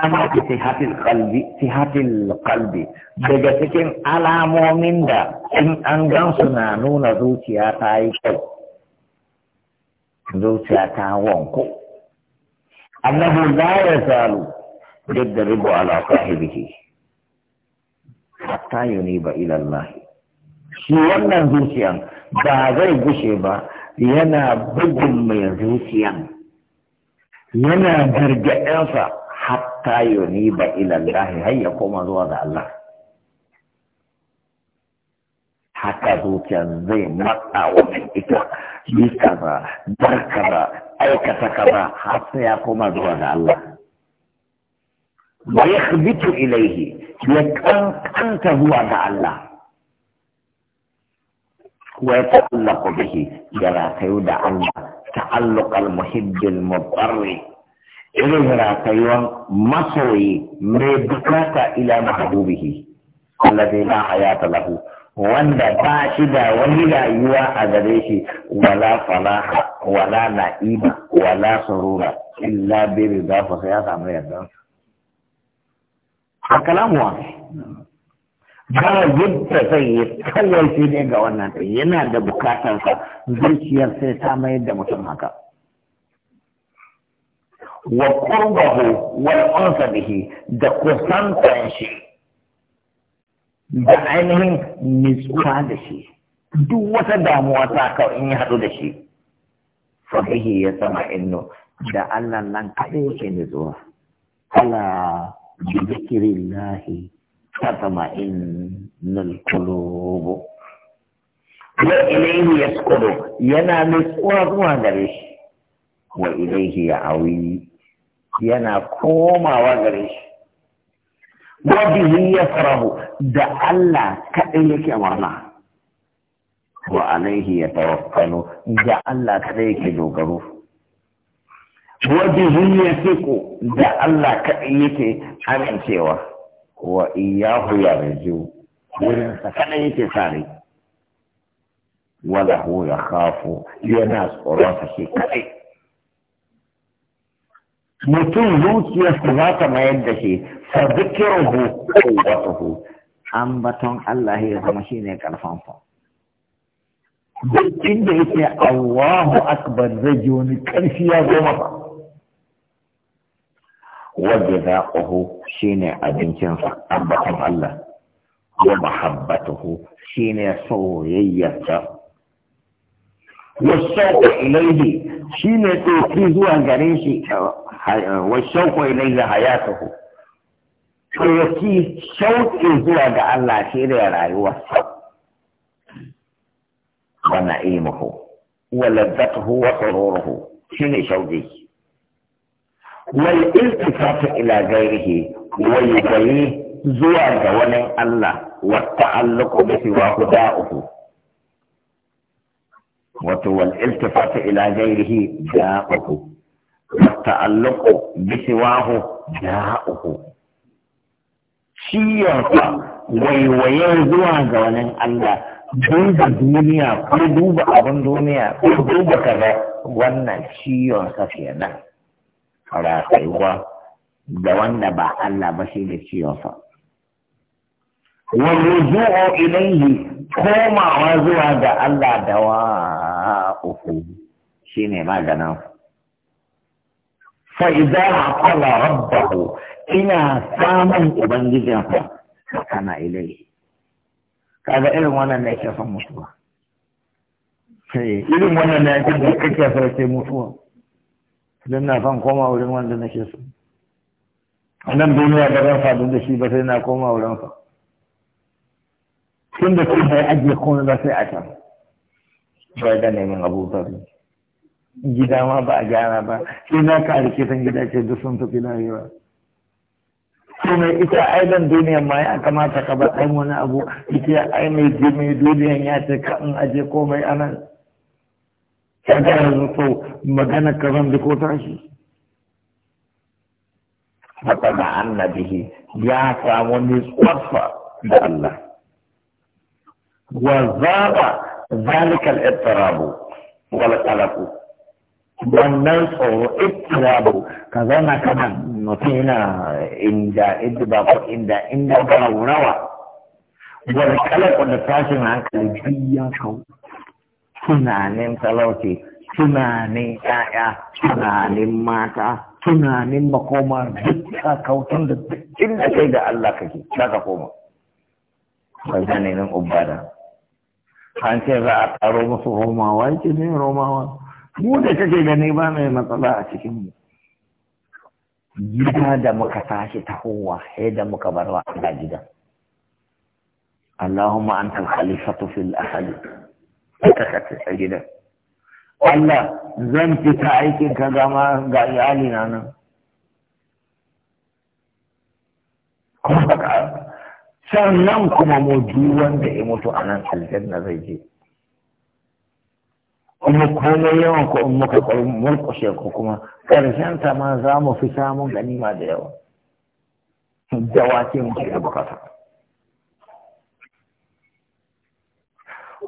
alamati sihatil qalbi sihatil qalbi daga cikin alamomin da in an gan na nuna zuciya ta yi kyau zuciya ta wanko annabi la ya zalu duk da ribu ala sahibihi hatta yuniba ila Allah shi wannan zuciyan ba zai gushe ba yana bugun mai zuciyan yana gargaɗinsa hatta yoni ba ilallahi har ya koma zuwa ga Allah haka zuciya zai matsa wa ita yi kaza dar kaza aikata kaza har sai ya koma zuwa ga Allah wa yakhbitu ilayhi ya kankanta zuwa ga Allah wa yata'allaqu bihi ya ratayu da Allah ta'alluq al-muhibb al irin rakayuwan masoyi mai bukata ila mahabubihi alladhi la hayata lahu wanda ba shi da wani rayuwa a gare shi wala falaha wala na'ima wala Sarura, illa bi rida fa sai ya samu yadda a kalamuwa ba yadda zai yi kawai sai ne ga wannan yana da bukatarsa zuciyar sai ta mayar da mutum haka wa qurbahu wal unsa bihi da kusantan shi da ainihin nitsuwa da shi duk wata damuwa ta kawo in yi haɗu da shi fahihi ya sama inno da Allah nan kaɗai yake nitsuwa ala bi zikrillahi tatma innal qulubu wa ilayhi yasqudu yana nitsuwa zuwa gare shi wa ilayhi ya'awi yana komawa gare shi wabihi ya farahu da Allah kaɗai yake murna wa alaihi ya tawakkalu da Allah kaɗai yake dogaro wabihi ya fiko da Allah kaɗai yake amincewa wa iyahu ya rajo wurinsa kaɗai yake sare wala ya khafu yana tsoron sa shi kaɗai mutum zuciyarsa za ta mayar da shi fa zikiruhu quwwatuhu ambaton Allah ya zama shine karfansa duk inda yake Allahu akbar zai ji wani karfi ya goma ba. Wadda za hu shi ne abincinsa ambaton Allah wa mahabbatuhu shi ne soyayyarsa والشوق إليه شين توكي زوا غريشي والشوق إليه حياته توكي شوق زوا الله شير يا رايوه ونعيمه ولذته وسروره شين شوقي والالتفات إلى غيره ويبيه زوا غوني الله والتعلق بسواه داؤه wato wal iltifatu ila ghairihi da'uhu wa ta'alluqu bi siwahu da'uhu shi yanka waiwayen zuwa ga wani Allah duba duniya ko duba abin duniya ko duba kaza wannan ciwon sa kenan ratayuwa da wanda ba Allah ba shi da ciwon Wani wa ruju'u ilayhi komawa zuwa ga Allah da wa. uku shine maganin fa idza aqala rabbahu ina samun ubangijin ubangijinsa kana ilai kaga irin wannan ne yake son mutuwa sai eh, irin wannan ne yake da kake so sai mutuwa dan na san koma wurin wanda nake so anan duniya da ran sadu da shi ba sai na koma wurin sa tun da kun sai ajiye kuma da sai a can bai da neman abubakar gida ma ba a gyara ba sai na ka rikitan gida ce duk sun tafi layewa sai mai ita aidan duniyan ma ya kamata ka ba ai wani abu ita ai mai je mai duniyan ya ce ka in aje komai ana kaga yanzu zuto magana ka zan ko tashi haka da annabihi ya samu nutsuwarsa da Allah wa zaba zalikal ittirabu wal qalaqu wannan tsoro ittirabu ka zauna kana mutum yana inda idba ko inda inda ba wurawa wal qalaqu da tashin hankali biyan kau tunanin talauci tunanin ƴaƴa tunanin mata tunanin makoma duk kautun da duk inda kai da Allah kake za ka koma ba nan ubada an ce za a karo musu romawa yake ne romawa mu da kake gani ba mai matsala a cikin mu gida da muka tashi tahowa sai da muka bar wa Allah gida Allahumma antal khalifatu fil ahli ka kace a gida Allah zan fita aikin ka ga ma ga iyali na nan kuma sannan kuma mu duk wanda ya mutu a nan aljanna zai je kuma komai yawan ko in muka murkushe ku kuma ƙarshen ta ma za mu fi samun ganima da yawa da wace muke da bukata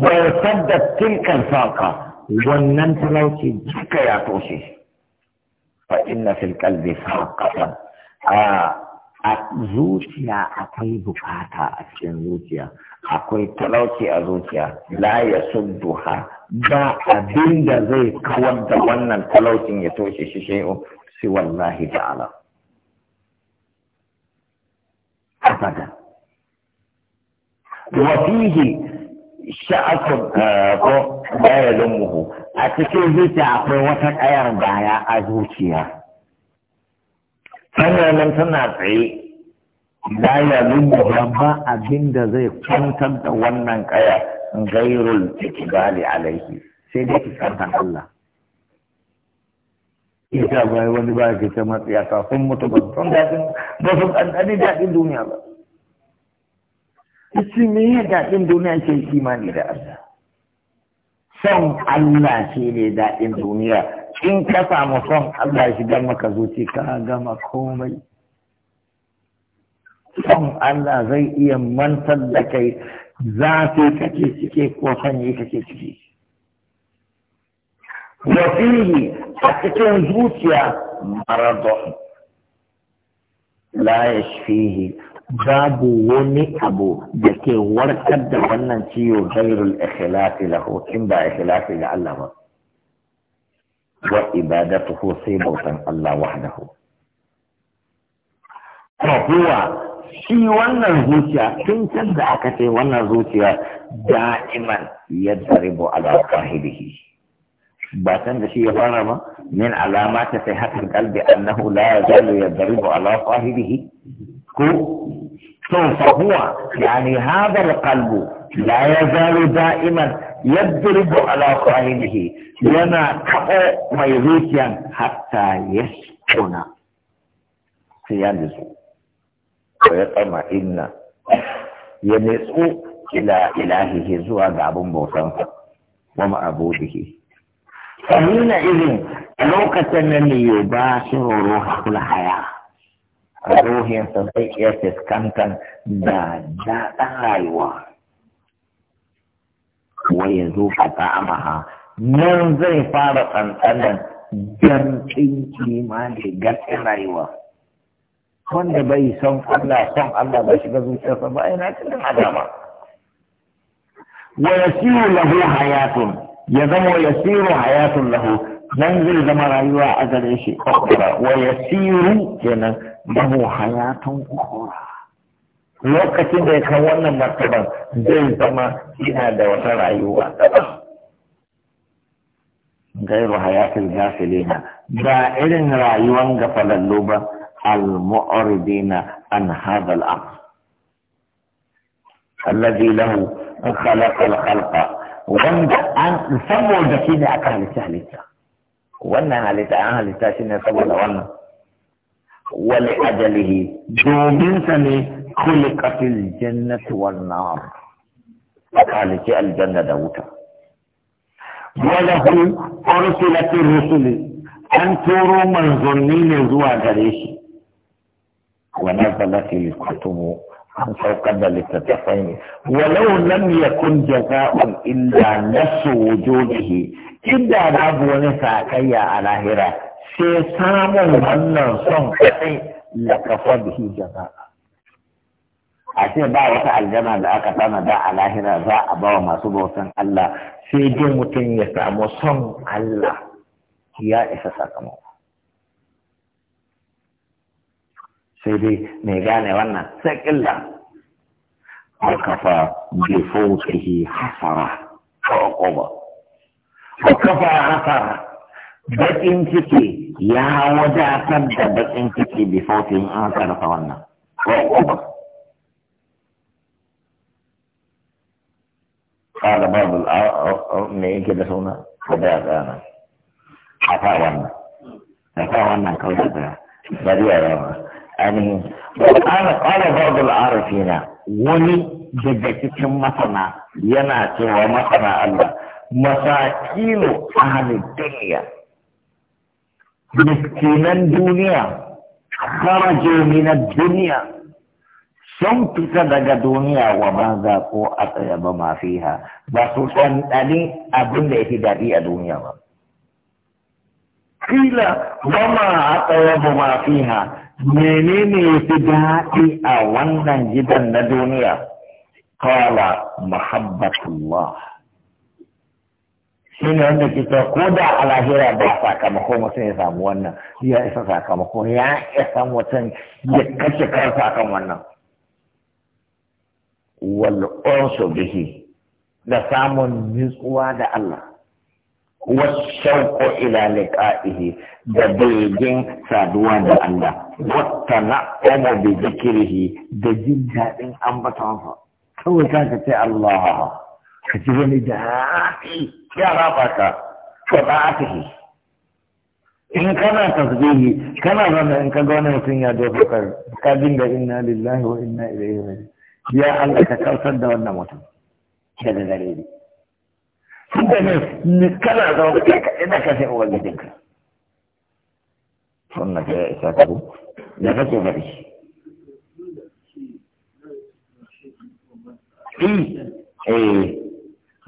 bai sadda tilkan saka wannan talauci duka ya toshe fa inna fil qalbi saqatan a ah, a zuciya akwai bukata a cikin zuciya akwai talauci a zuciya la ya duha ba abin da zai kawar da wannan talaucin ya toshe shi shi'o wallahi ta'ala abadan wa sha'atun eh, ko la ya a cikin zuciya akwai wata ɗayar baya a zuciya hanyar nan tana tsaye ba ya lubba ba abin da zai kwantar da wannan kaya gairul a alaihi sai dai fuskantar Allah ita bai wani ba ke ta matsi a kafin mutu ba sun daɗin ba su ɗanɗani daɗin duniya ba Isi me ya daɗin duniya ke kimani da Allah son Allah shi ne daɗin duniya in ka samu son Allah shigar maka zuci ka gama komai son Allah zai iya mantar da kai za zafi kake cike ko yi kake ciki wafihi a cikin zuciya maradon la yashfihi babu wani abu da ke warkar da wannan ciwo gairul ikhlasi lahu in ba ikhlasi ga Allah ba وعبادته صيبوتا الله وحده فهو في ونا زوتيا كن تدعى كتي ونا زوتيا دائما يضرب على صاحبه باتن دشي يفانا ما من علامات صحة القلب أنه لا يزال يضرب على صاحبه كو فهو يعني هذا القلب لا يزال دائما yadribu ala sahibihi yana kafa mai zuciyan hatta yaskuna sai ya nutsu ko ya tsama inna ya nutsu ila ilahihi zuwa ga abin bautansa wa ma'abudihi fahimna izin a lokacin nan ne ba shi kula haya ruhinsa zai iya fuskantar da daɗin rayuwa wa yanzu ka ta'amaha nan zai fara tsantsanan jam'in kimani gaske rayuwa wanda bai son Allah son Allah ba shiga zuciyarsa ba yana cikin adama wa yasiru lahu hayatun ya zama wa yasiru hayatun lahu nan zai zama rayuwa a gare shi wa yasiru kenan lahu hayatun ukhra lokacin da ya kan wannan martaban zai zama ina da wata rayuwa gairu hayatul gafilina ba irin rayuwan gafalallo ba al-mu'ridina an hadha al-amr alladhi lahu khalaqa al-khalqa wanda an saboda shi ne aka halitta halitta wannan halitta an halitta shi ne saboda wannan wani ajalihi dominsa ne kafin jannatu wannan. A halice aljanna da wuta Wani walahu ursilatir rusuli an turo manzanni ne zuwa gare shi wa nazalatil kutubu an saukar da littattafai ne walau lam yakun jaza'un illa nasu wujudihi idda babu wani sakayya a lahira sai samun wannan son kaɗai la kafa bihi jaza'a a ce ba wata aljana da aka tsana da a lahira za a bawa masu bautan Allah sai dai mutum ya samu son Allah ya isa sakamako sai dai mai gane wannan sai illa a kafa bi fawqihi hasara ko ba kafa hasara baƙin ciki ya wadatar da baƙin ciki bi fauti in an sarrafa wannan. Kada ba bu da suna ko ya rama. Amin. wani daga cikin masana yana cewa masana Allah masakilu ahli dunya miskinan duniya kharajo min duniya sun fita daga duniya wa ba za ko a tsaya ba ma fiha ba su ɗanɗani abin da yake daɗi a duniya ba kila ba ma a tsaya ba ma fiha menene yafi daɗi a wannan gidan na duniya Fala mahabbatullah shi ne wanda ke ta ko da a lahira ba sakamako mutum ya samu wannan ya isa sakamako ya isa mutum ya kashe kan wannan wal bihi da samun nutsuwa da Allah wa shauqu ila liqa'ihi da begin saduwa da Allah wa tana'amu bi da jin daɗin ambatonsa kawai ka ce Allah ka ji wani daɗi ya ba ka to ba a tafi in kana tasbihi kana zama in ka ga wani mutum ya dofa ka ka dinga inna lillahi wa inna ilaihi raji'un ya Allah ka kautar da wannan mutum daga gare ni tun da ni kana zama kai ka ina ka sai ubangijinka wannan ka ya isa ka da kake bari eh, eh.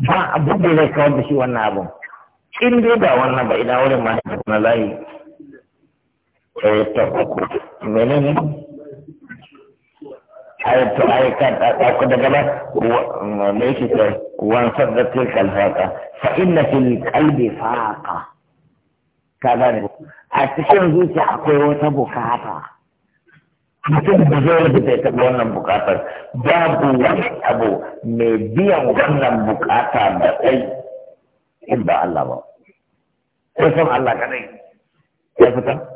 ba abin da zai kawar da shi wannan abin in dai ba wannan ba ina wurin ma na layi eh, ta uku menene ayatta ayatta ta ku daga ba me yake wansar da saddatil kalfaqa fa inna fil qalbi faqa kaga ne a cikin zuciya akwai wata bukata mutum da zai da zai taɓa wannan buƙatar babu wani abu mai biyan wannan buƙata da kai in ba Allah ba sai son Allah kadai ya fita